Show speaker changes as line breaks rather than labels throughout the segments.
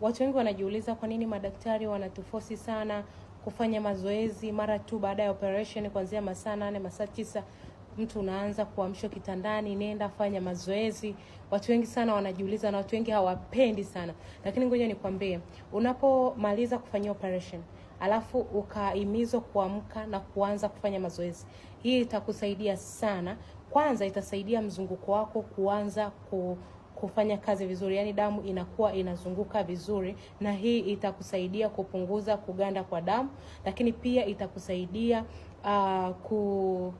Watu wengi wanajiuliza kwa nini madaktari wanatufosi sana kufanya mazoezi mara tu baada ya operation, kuanzia masaa nane masaa tisa mtu unaanza kuamshwa kitandani, nenda fanya mazoezi. Watu wengi sana wanajiuliza na watu wengi hawapendi sana, lakini ngoja nikwambie, unapomaliza kufanyia operation alafu ukahimizwa kuamka na kuanza kufanya mazoezi, hii itakusaidia sana. Kwanza itasaidia mzunguko wako kuanza ku kufanya kazi vizuri, yani damu inakuwa inazunguka vizuri, na hii itakusaidia kupunguza kuganda kwa damu, lakini pia itakusaidia uh, ku,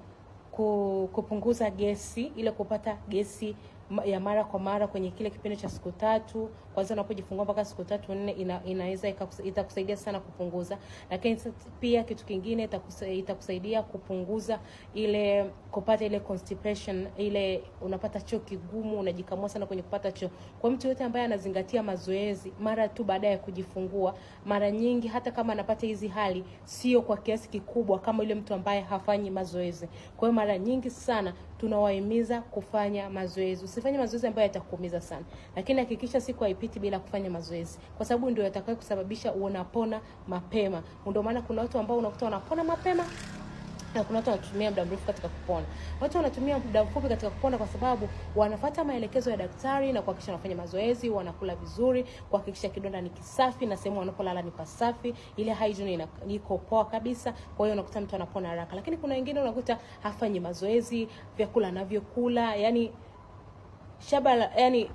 ku, kupunguza gesi ile kupata gesi ya mara kwa mara kwenye kile kipindi cha siku tatu kwanza unapojifungua mpaka siku tatu nne, ina, inaweza itakusaidia sana kupunguza. Lakini pia kitu kingine itakusaidia kupunguza ile kupata ile constipation, ile unapata choo kigumu, unajikamua sana kwenye kupata choo. Kwa mtu yote ambaye anazingatia mazoezi mara tu baada ya kujifungua, mara nyingi hata kama anapata hizi hali sio kwa kiasi kikubwa kama yule mtu ambaye hafanyi mazoezi. Kwa hiyo mara nyingi sana tunawahimiza kufanya mazoezi usifanye mazoezi ambayo yatakuumiza sana, lakini hakikisha siku haipiti bila kufanya mazoezi, kwa sababu ndio yatakayo kusababisha unapona mapema. Ndio maana kuna watu ambao unakuta wanapona mapema na kuna watu wanatumia muda mrefu katika kupona. Watu wanatumia muda mfupi katika kupona kwa sababu wanafuata maelekezo ya daktari na kuhakikisha wanafanya mazoezi, wanakula vizuri, kuhakikisha kidonda ni kisafi na sehemu wanapolala ni pasafi, ile hygiene iko poa kabisa. Kwa hiyo unakuta mtu anapona haraka, lakini kuna wengine unakuta hafanyi mazoezi, vyakula anavyokula, yani 下班了，爱你。